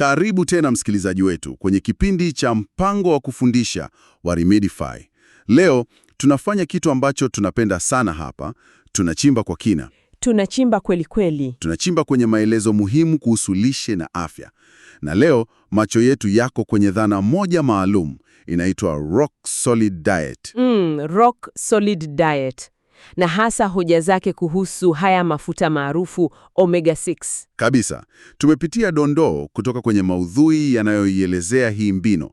Karibu tena msikilizaji wetu kwenye kipindi cha mpango wa kufundisha wa Remedify. Leo tunafanya kitu ambacho tunapenda sana hapa, tunachimba kwa kina. Tunachimba kweli kweli. Tunachimba kwenye maelezo muhimu kuhusu lishe na afya. Na leo macho yetu yako kwenye dhana moja maalum inaitwa rock solid diet. Mm, rock solid diet na hasa hoja zake kuhusu haya mafuta maarufu omega 6. Kabisa, tumepitia dondoo kutoka kwenye maudhui yanayoielezea hii mbino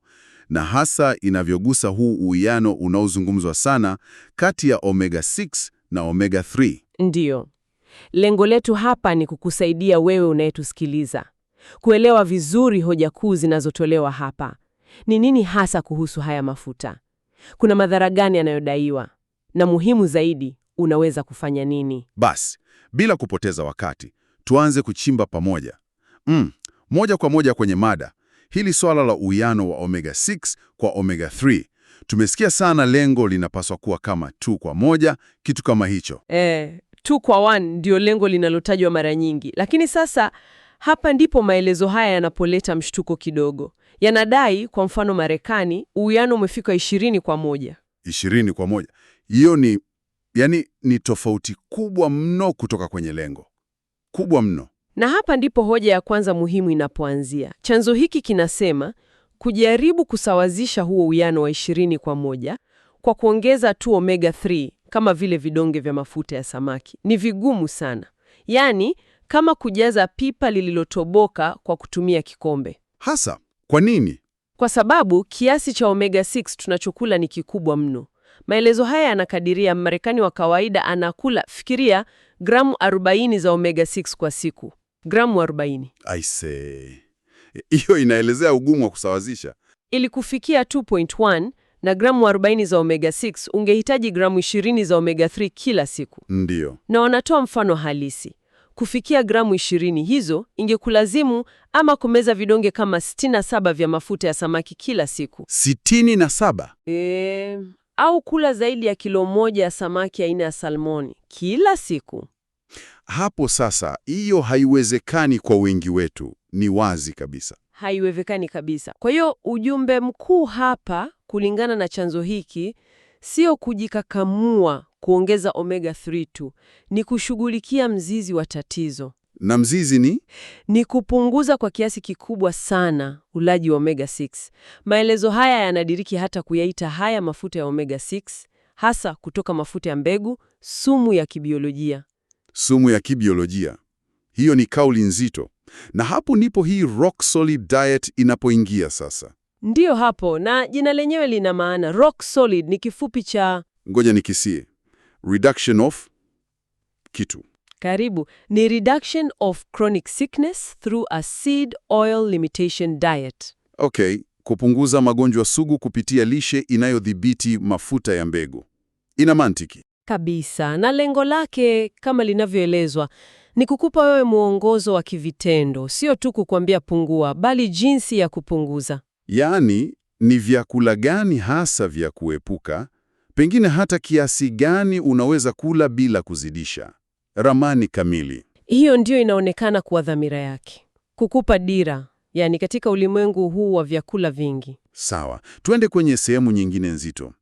na hasa inavyogusa huu uwiano unaozungumzwa sana kati ya omega 6 na omega 3. Ndiyo, lengo letu hapa ni kukusaidia wewe unayetusikiliza kuelewa vizuri hoja kuu zinazotolewa hapa. Ni nini hasa kuhusu haya mafuta? Kuna madhara gani yanayodaiwa? na muhimu zaidi, unaweza kufanya nini? Basi, bila kupoteza wakati, tuanze kuchimba pamoja. Mm, moja kwa moja kwenye mada. Hili swala la uwiano wa omega 6 kwa omega 3. Tumesikia sana lengo linapaswa kuwa kama tu kwa moja, kitu kama hicho. Eh, tu kwa one ndio lengo linalotajwa mara nyingi, lakini sasa hapa ndipo maelezo haya yanapoleta mshtuko kidogo. Yanadai kwa mfano Marekani uwiano umefika ishirini kwa moja. Ishirini kwa moja hiyo ni yani, ni tofauti kubwa mno kutoka kwenye lengo kubwa mno. Na hapa ndipo hoja ya kwanza muhimu inapoanzia. Chanzo hiki kinasema kujaribu kusawazisha huo uwiano wa ishirini kwa moja kwa kuongeza tu omega 3 kama vile vidonge vya mafuta ya samaki ni vigumu sana, yaani kama kujaza pipa lililotoboka kwa kutumia kikombe. Hasa kwa nini? Kwa sababu kiasi cha omega 6 tunachokula ni kikubwa mno. Maelezo haya yanakadiria marekani wa kawaida anakula, fikiria, gramu 40 za omega 6 kwa siku. Gramu 40. I see. Hiyo inaelezea ugumu wa kusawazisha. Ili kufikia 2.1 na gramu 40 za omega 6 ungehitaji gramu 20 za omega 3 kila siku. Ndiyo. Na wanatoa mfano halisi. Kufikia gramu 20 hizo ingekulazimu ama kumeza vidonge kama 67 vya mafuta ya samaki kila siku. 67? Eh, au kula zaidi ya kilo moja ya samaki aina ya salmoni kila siku. Hapo sasa, hiyo haiwezekani kwa wengi wetu, ni wazi kabisa, haiwezekani kabisa. Kwa hiyo ujumbe mkuu hapa, kulingana na chanzo hiki, sio kujikakamua kuongeza omega 3 tu, ni kushughulikia mzizi wa tatizo. Na mzizi ni ni kupunguza kwa kiasi kikubwa sana ulaji wa omega 6. Maelezo haya yanadiriki hata kuyaita haya mafuta ya omega 6, hasa kutoka mafuta ya mbegu, sumu ya kibiolojia. Sumu ya kibiolojia, hiyo ni kauli nzito, na hapo ndipo hii rock solid diet inapoingia sasa. Ndiyo hapo, na jina lenyewe lina maana. Rock solid ni kifupi cha, ngoja nikisie, reduction of kitu karibu. Ni reduction of chronic sickness through a seed oil limitation diet. Okay, kupunguza magonjwa sugu kupitia lishe inayodhibiti mafuta ya mbegu. Ina mantiki kabisa, na lengo lake kama linavyoelezwa ni kukupa wewe mwongozo wa kivitendo, sio tu kukwambia pungua, bali jinsi ya kupunguza. Yaani, ni vyakula gani hasa vya kuepuka, pengine hata kiasi gani unaweza kula bila kuzidisha ramani kamili. Hiyo ndiyo inaonekana kuwa dhamira yake, kukupa dira, yani katika ulimwengu huu wa vyakula vingi. Sawa, tuende kwenye sehemu nyingine nzito,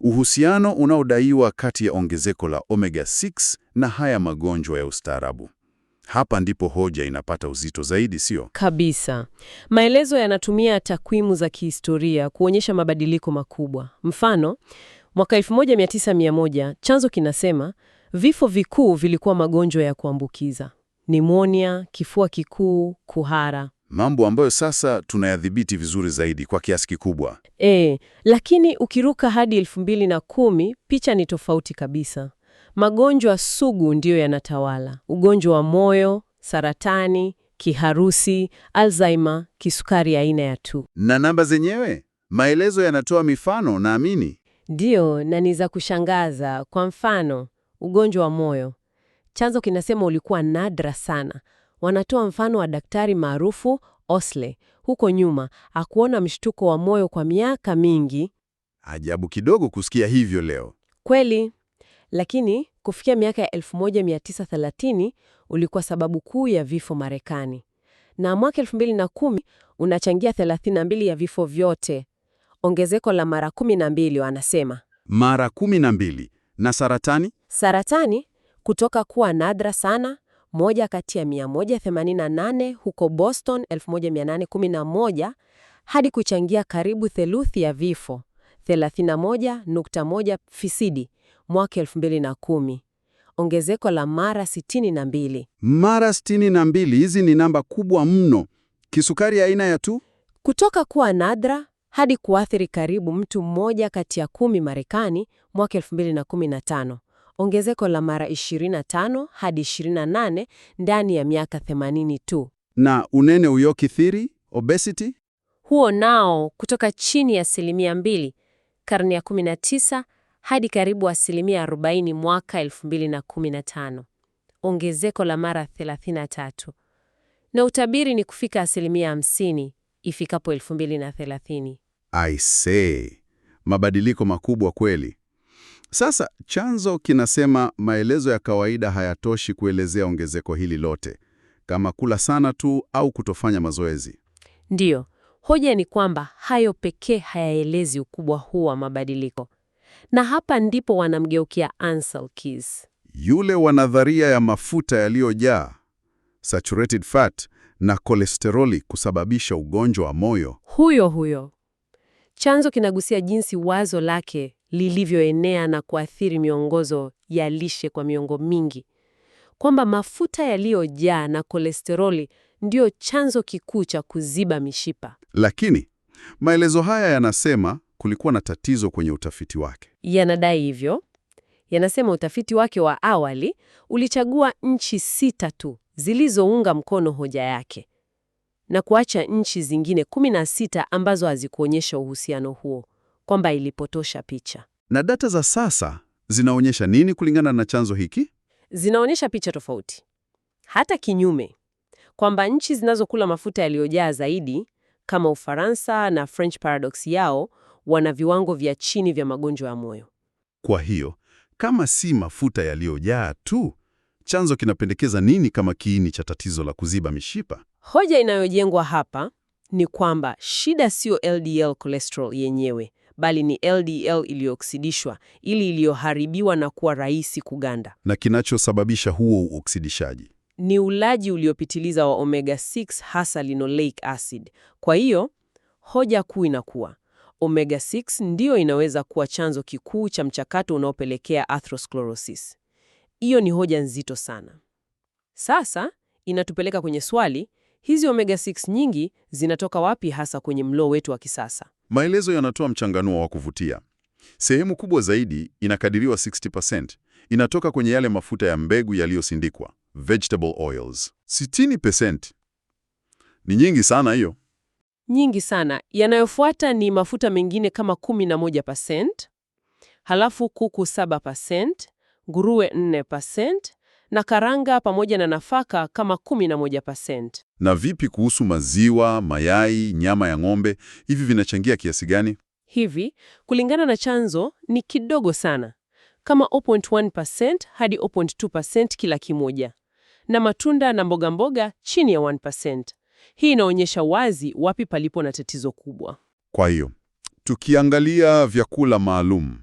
uhusiano unaodaiwa kati ya ongezeko la omega 6 na haya magonjwa ya ustaarabu. Hapa ndipo hoja inapata uzito zaidi, sio? Kabisa. Maelezo yanatumia takwimu za kihistoria kuonyesha mabadiliko makubwa. Mfano, mwaka 1900 chanzo kinasema Vifo vikuu vilikuwa magonjwa ya kuambukiza: nimonia, kifua kikuu, kuhara, mambo ambayo sasa tunayadhibiti vizuri zaidi kwa kiasi kikubwa. E, lakini ukiruka hadi elfu mbili na kumi picha ni tofauti kabisa. Magonjwa sugu ndiyo yanatawala: ugonjwa wa moyo, saratani, kiharusi, Alzheimer, kisukari aina ya tu. Na namba zenyewe maelezo yanatoa mifano, naamini ndiyo, na ni za kushangaza. Kwa mfano ugonjwa wa moyo. Chanzo kinasema ulikuwa nadra sana. Wanatoa mfano wa daktari maarufu Osle, huko nyuma akuona mshtuko wa moyo kwa miaka mingi. Ajabu kidogo kusikia hivyo leo. Kweli, lakini kufikia miaka ya 1930 ulikuwa sababu kuu ya vifo Marekani, na mwaka 2010 unachangia 32 ya vifo vyote, ongezeko la mara 12. Wanasema mara 12. Na saratani Saratani kutoka kuwa nadra sana, moja kati ya 188 huko Boston 1811 hadi kuchangia karibu theluthi ya vifo 31.1 fisidi mwaka 2010, ongezeko la mara 62. Mara 62, hizi ni namba kubwa mno. Kisukari aina ya tu kutoka kuwa nadra hadi kuathiri karibu mtu mmoja kati ya kumi Marekani mwaka 2015 ongezeko la mara 25 hadi 28 ndani ya miaka 80 tu. Na unene uyokithiri obesity, huo nao kutoka chini ya asilimia 2 karne ya 19 hadi karibu asilimia 40 mwaka 2015, ongezeko la mara 33, na utabiri ni kufika asilimia 50 ifikapo 2030. I see, mabadiliko makubwa kweli. Sasa chanzo kinasema maelezo ya kawaida hayatoshi kuelezea ongezeko hili lote, kama kula sana tu au kutofanya mazoezi. Ndiyo, hoja ni kwamba hayo pekee hayaelezi ukubwa huu wa mabadiliko, na hapa ndipo wanamgeukia Ansel Keys, yule wa nadharia ya mafuta yaliyojaa saturated fat na kolesteroli kusababisha ugonjwa wa moyo. Huyo huyo Chanzo kinagusia jinsi wazo lake lilivyoenea na kuathiri miongozo ya lishe kwa miongo mingi, kwamba mafuta yaliyojaa na kolesteroli ndiyo chanzo kikuu cha kuziba mishipa. Lakini maelezo haya yanasema kulikuwa na tatizo kwenye utafiti wake. Yanadai hivyo. Yanasema utafiti wake wa awali ulichagua nchi sita tu zilizounga mkono hoja yake, na kuacha nchi zingine 16 ambazo hazikuonyesha uhusiano huo, kwamba ilipotosha picha. Na data za sasa zinaonyesha nini kulingana na chanzo hiki? Zinaonyesha picha tofauti, hata kinyume, kwamba nchi zinazokula mafuta yaliyojaa zaidi kama Ufaransa na French Paradox yao wana viwango vya chini vya magonjwa ya moyo. Kwa hiyo kama si mafuta yaliyojaa tu, chanzo kinapendekeza nini kama kiini cha tatizo la kuziba mishipa? Hoja inayojengwa hapa ni kwamba shida siyo LDL cholesterol yenyewe, bali ni LDL iliyooksidishwa, ili iliyoharibiwa na kuwa rahisi kuganda. Na kinachosababisha huo uoksidishaji ni ulaji uliopitiliza wa omega 6, hasa linoleic acid. Kwa hiyo hoja kuu inakuwa omega 6 ndiyo inaweza kuwa chanzo kikuu cha mchakato unaopelekea atherosclerosis. Hiyo ni hoja nzito sana. Sasa inatupeleka kwenye swali, Hizi omega 6 nyingi zinatoka wapi hasa kwenye mlo wetu wa kisasa? Maelezo yanatoa mchanganuo wa kuvutia. Sehemu kubwa zaidi, inakadiriwa 60%, inatoka kwenye yale mafuta ya mbegu yaliyosindikwa, vegetable oils. 60%. Ni nyingi sana hiyo. Nyingi sana. Yanayofuata ni mafuta mengine kama 11%, halafu kuku 7%, nguruwe 4%, na karanga pamoja na nafaka kama 11%. Na vipi kuhusu maziwa, mayai, nyama ya ng'ombe? Hivi vinachangia kiasi gani? Hivi kulingana na chanzo ni kidogo sana, kama 0.1% hadi 0.2% kila kimoja, na matunda na mboga mboga chini ya 1%. Hii inaonyesha wazi wapi palipo na tatizo kubwa. Kwa hiyo tukiangalia vyakula maalum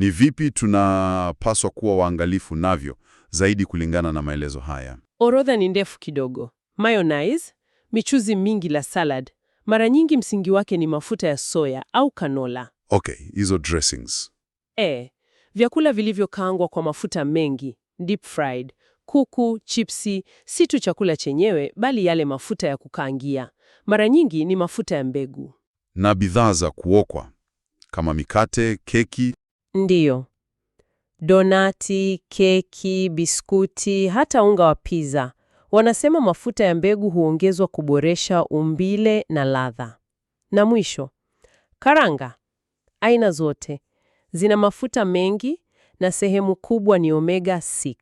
ni vipi tunapaswa kuwa waangalifu navyo zaidi kulingana na maelezo haya? Orodha ni ndefu kidogo. Mayonnaise, michuzi mingi la salad, mara nyingi msingi wake ni mafuta ya soya au kanola. Okay, hizo dressings. E, vyakula vilivyokaangwa kwa mafuta mengi, deep fried, kuku, chipsi, si tu chakula chenyewe bali yale mafuta ya kukaangia. Mara nyingi ni mafuta ya mbegu. Na bidhaa za kuokwa kama mikate, keki Ndiyo. Donati, keki, biskuti, hata unga wa pizza. Wanasema mafuta ya mbegu huongezwa kuboresha umbile na ladha. Na mwisho, karanga aina zote zina mafuta mengi na sehemu kubwa ni omega 6.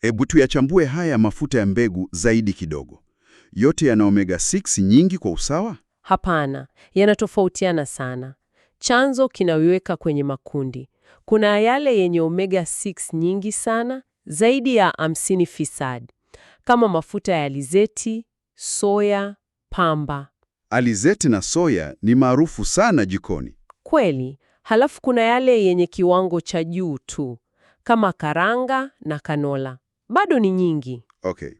Hebu tuyachambue haya mafuta ya mbegu zaidi kidogo. Yote yana omega 6 nyingi kwa usawa? Hapana, yanatofautiana sana chanzo kinaiweka kwenye makundi. Kuna yale yenye omega 6 nyingi sana, zaidi ya hamsini fisad, kama mafuta ya alizeti, soya, pamba. Alizeti na soya ni maarufu sana jikoni. Kweli. Halafu kuna yale yenye kiwango cha juu tu kama karanga na kanola, bado ni nyingi. Okay.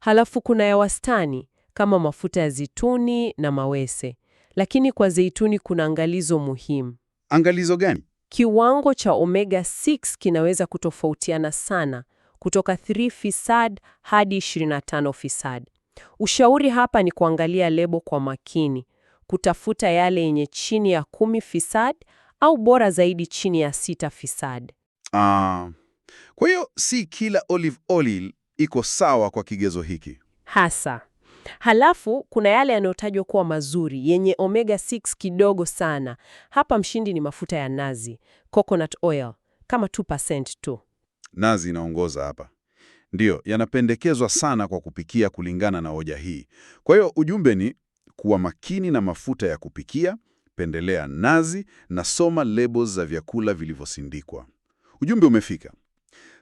Halafu kuna ya wastani kama mafuta ya zituni na mawese, lakini kwa zeituni kuna angalizo muhimu. Angalizo gani? Kiwango cha omega 6 kinaweza kutofautiana sana kutoka 3 fisad hadi 25 fisad. Ushauri hapa ni kuangalia lebo kwa makini, kutafuta yale yenye chini ya kumi fisad au bora zaidi chini ya sita fisad. Ah. Kwa hiyo si kila olive oil iko sawa kwa kigezo hiki. Hasa. Halafu kuna yale yanayotajwa kuwa mazuri yenye omega 6 kidogo sana. Hapa mshindi ni mafuta ya nazi, coconut oil, kama 2% tu. Nazi inaongoza hapa, ndiyo yanapendekezwa sana kwa kupikia kulingana na hoja hii. Kwa hiyo ujumbe ni kuwa makini na mafuta ya kupikia, pendelea nazi na soma lebo za vyakula vilivyosindikwa. Ujumbe umefika.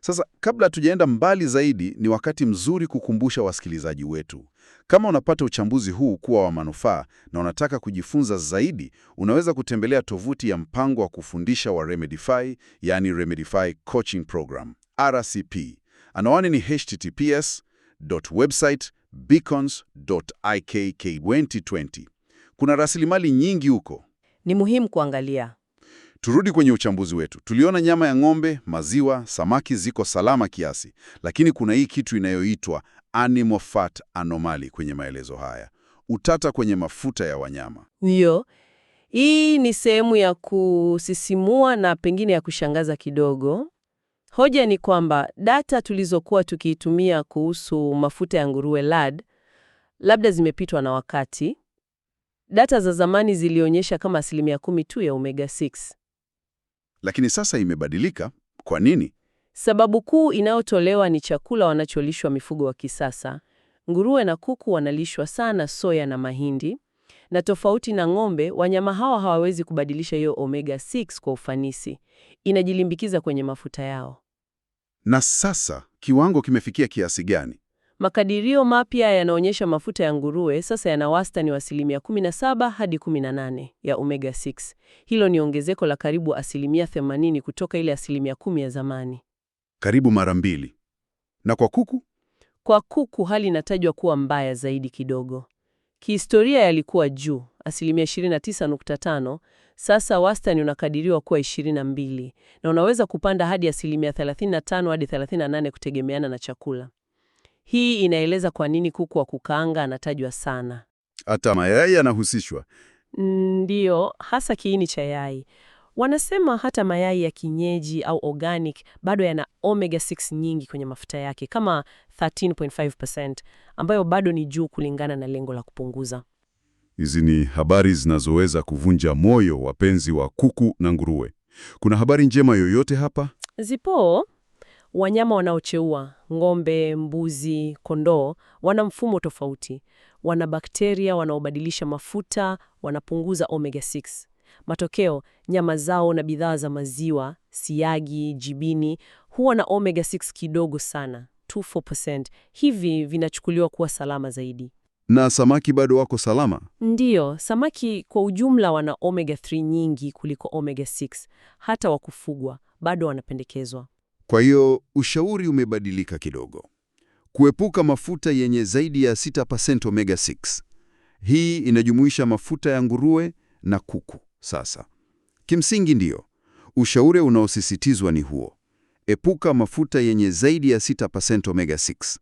Sasa kabla tujaenda mbali zaidi, ni wakati mzuri kukumbusha wasikilizaji wetu, kama unapata uchambuzi huu kuwa wa manufaa na unataka kujifunza zaidi, unaweza kutembelea tovuti ya mpango wa kufundisha wa Remedify, yani Remedify Coaching Program RCP. Anwani ni https beaconsikk 2020 Kuna rasilimali nyingi huko, ni muhimu kuangalia. Turudi kwenye uchambuzi wetu. Tuliona nyama ya ng'ombe, maziwa, samaki ziko salama kiasi, lakini kuna hii kitu inayoitwa animal fat anomaly kwenye maelezo haya, utata kwenye mafuta ya wanyama. Ndio, hii ni sehemu ya kusisimua na pengine ya kushangaza kidogo. Hoja ni kwamba data tulizokuwa tukiitumia kuhusu mafuta ya nguruwe lad labda zimepitwa na wakati. Data za zamani zilionyesha kama asilimia kumi tu ya omega 6 lakini sasa imebadilika. Kwa nini? Sababu kuu inayotolewa ni chakula wanacholishwa mifugo wa kisasa. Nguruwe na kuku wanalishwa sana soya na mahindi, na tofauti na ng'ombe, wanyama hawa hawawezi kubadilisha hiyo omega 6 kwa ufanisi, inajilimbikiza kwenye mafuta yao. Na sasa kiwango kimefikia kiasi gani? Makadirio mapya yanaonyesha mafuta ya nguruwe sasa yana wastani wa asilimia 17 hadi 18 ya omega 6. Hilo ni ongezeko la karibu asilimia 80 kutoka ile asilimia kumi ya zamani, karibu mara mbili. Na kwa kuku? Kwa kuku hali inatajwa kuwa mbaya zaidi kidogo. Kihistoria yalikuwa juu, asilimia 29.5. Sasa wastani unakadiriwa kuwa 22 na unaweza kupanda hadi asilimia 35 hadi 38 kutegemeana na chakula. Hii inaeleza kwa nini kuku wa kukaanga anatajwa sana. Hata mayai yanahusishwa. Ndiyo, hasa kiini cha yai. Wanasema hata mayai ya kinyeji au organic bado yana omega 6 nyingi kwenye mafuta yake kama 13.5% ambayo bado ni juu kulingana na lengo la kupunguza. Hizi ni habari zinazoweza kuvunja moyo wapenzi wa kuku na nguruwe. Kuna habari njema yoyote hapa? Zipo. Wanyama wanaocheua ng'ombe, mbuzi, kondoo wana mfumo tofauti. Wana bakteria wanaobadilisha mafuta, wanapunguza omega 6. Matokeo, nyama zao na bidhaa za maziwa, siagi, jibini huwa na omega 6 kidogo sana, 24%. Hivi vinachukuliwa kuwa salama zaidi. Na samaki bado wako salama? Ndiyo, samaki kwa ujumla wana omega 3 nyingi kuliko omega 6. Hata wakufugwa bado wanapendekezwa. Kwa hiyo ushauri umebadilika kidogo, kuepuka mafuta yenye zaidi ya 6% omega 6. Hii inajumuisha mafuta ya nguruwe na kuku. Sasa kimsingi ndiyo ushauri unaosisitizwa ni huo, epuka mafuta yenye zaidi ya 6% omega 6.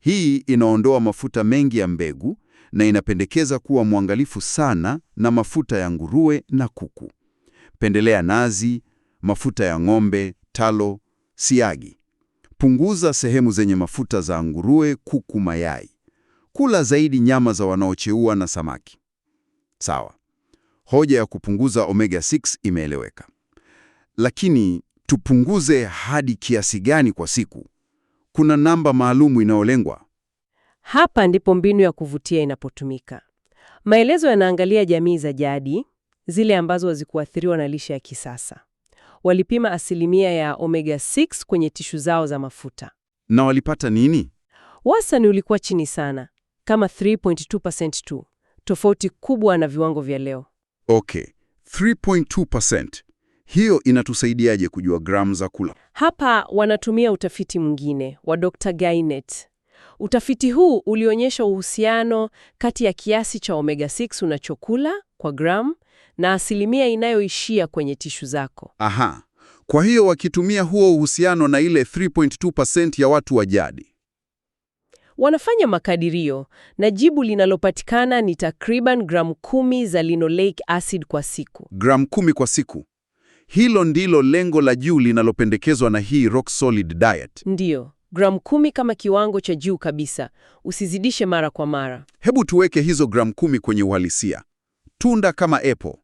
Hii inaondoa mafuta mengi ya mbegu na inapendekeza kuwa mwangalifu sana na mafuta ya nguruwe na kuku. Pendelea nazi, mafuta ya ng'ombe, talo Siagi: punguza sehemu zenye mafuta za nguruwe, kuku, mayai. Kula zaidi nyama za wanaocheua na samaki. Sawa, hoja ya kupunguza omega 6 imeeleweka, lakini tupunguze hadi kiasi gani kwa siku? Kuna namba maalumu inayolengwa? Hapa ndipo mbinu ya kuvutia inapotumika. Maelezo yanaangalia jamii za jadi, zile ambazo hazikuathiriwa na lishe ya kisasa walipima asilimia ya omega-6 kwenye tishu zao za mafuta. Na walipata nini? Wastani ulikuwa chini sana, kama 3.2% tu, tofauti kubwa na viwango vya leo. Okay, 3.2%. Hiyo inatusaidiaje kujua gramu za kula? Hapa wanatumia utafiti mwingine wa Dr. Gainet. Utafiti huu ulionyesha uhusiano kati ya kiasi cha omega-6 unachokula kwa gramu na asilimia inayoishia kwenye tishu zako. Aha. Kwa hiyo wakitumia huo uhusiano na ile 3.2% ya watu wa jadi wanafanya makadirio na jibu linalopatikana ni takriban gramu kumi za linoleic acid kwa siku. Gramu kumi kwa siku, hilo ndilo lengo la juu linalopendekezwa na hii rock solid diet. Ndiyo, gramu kumi kama kiwango cha juu kabisa, usizidishe mara kwa mara. Hebu tuweke hizo gramu kumi kwenye uhalisia. Tunda kama apple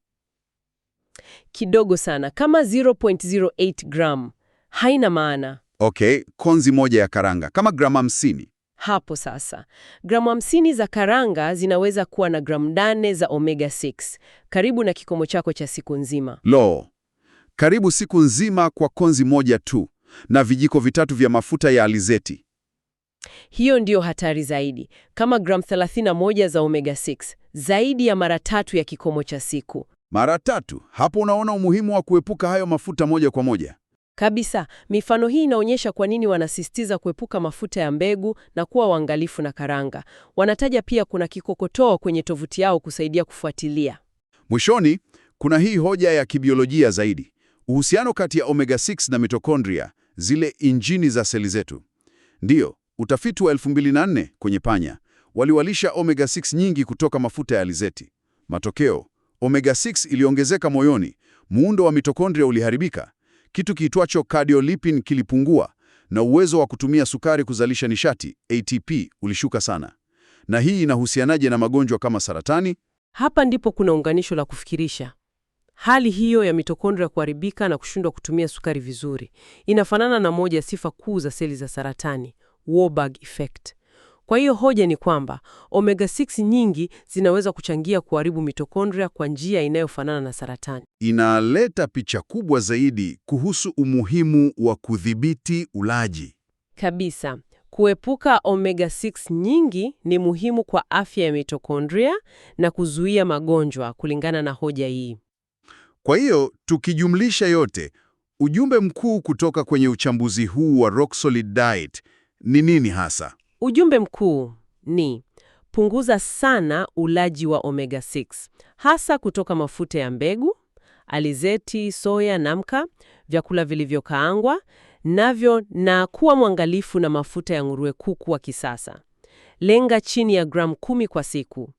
kidogo sana, kama 0.08 gram. Haina maana. Okay, konzi moja ya karanga kama gramu 50. Hapo sasa, gramu 50 za karanga zinaweza kuwa na gramu nane za omega 6, karibu na kikomo chako cha siku nzima. Lo, karibu siku nzima kwa konzi moja tu na vijiko vitatu vya mafuta ya alizeti. Hiyo ndiyo hatari zaidi, kama gramu 31 za omega 6, zaidi ya mara tatu ya kikomo cha siku. Mara tatu, hapo unaona umuhimu wa kuepuka hayo mafuta moja kwa moja. Kabisa, mifano hii inaonyesha kwa nini wanasisitiza kuepuka mafuta ya mbegu na kuwa waangalifu na karanga. Wanataja pia kuna kikokotoo kwenye tovuti yao kusaidia kufuatilia. Mwishoni, kuna hii hoja ya kibiolojia zaidi, uhusiano kati ya omega 6 na mitokondria, zile injini za seli zetu. Ndiyo, utafiti wa 2004 kwenye panya waliwalisha omega 6 nyingi kutoka mafuta ya alizeti. Matokeo, omega 6 iliongezeka moyoni, muundo wa mitokondria uliharibika, kitu kiitwacho cardiolipin kilipungua, na uwezo wa kutumia sukari kuzalisha nishati ATP ulishuka sana. Na hii inahusianaje na magonjwa kama saratani? Hapa ndipo kuna unganisho la kufikirisha. Hali hiyo ya mitokondria kuharibika na kushindwa kutumia sukari vizuri inafanana na moja ya sifa kuu za seli za saratani, Warburg effect. Kwa hiyo hoja ni kwamba omega 6 nyingi zinaweza kuchangia kuharibu mitokondria kwa njia inayofanana na saratani. Inaleta picha kubwa zaidi kuhusu umuhimu wa kudhibiti ulaji. Kabisa. Kuepuka omega 6 nyingi ni muhimu kwa afya ya mitokondria na kuzuia magonjwa kulingana na hoja hii. Kwa hiyo tukijumlisha yote, ujumbe mkuu kutoka kwenye uchambuzi huu wa Rock Solid Diet ni nini hasa? Ujumbe mkuu ni punguza sana ulaji wa omega 6 hasa kutoka mafuta ya mbegu, alizeti, soya, namka, vyakula vilivyokaangwa navyo, na kuwa mwangalifu na mafuta ya nguruwe kuku wa kisasa. Lenga chini ya gramu kumi kwa siku,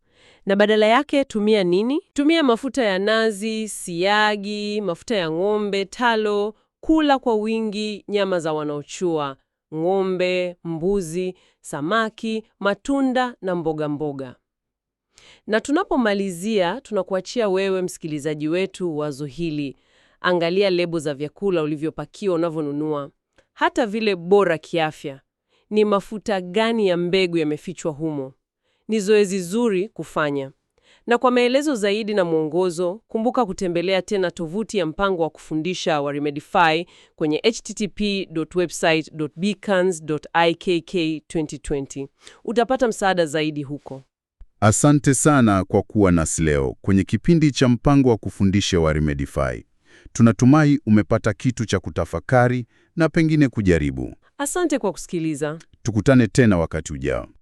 na badala yake tumia nini? Tumia mafuta ya nazi, siagi, mafuta ya ng'ombe, talo. Kula kwa wingi nyama za wanaochua ng'ombe, mbuzi samaki, matunda na mboga mboga. Na tunapomalizia, tunakuachia wewe msikilizaji wetu wazo hili. Angalia lebo za vyakula ulivyopakiwa unavyonunua, hata vile bora kiafya. Ni mafuta gani ya mbegu yamefichwa humo? Ni zoezi zuri kufanya. Na kwa maelezo zaidi na mwongozo, kumbuka kutembelea tena tovuti ya mpango wa kufundisha wa Remedify kwenye http://website.beacons.ikk2020. Utapata msaada zaidi huko. Asante sana kwa kuwa nasi leo kwenye kipindi cha mpango wa kufundisha wa Remedify. Tunatumai umepata kitu cha kutafakari na pengine kujaribu. Asante kwa kusikiliza. Tukutane tena wakati ujao.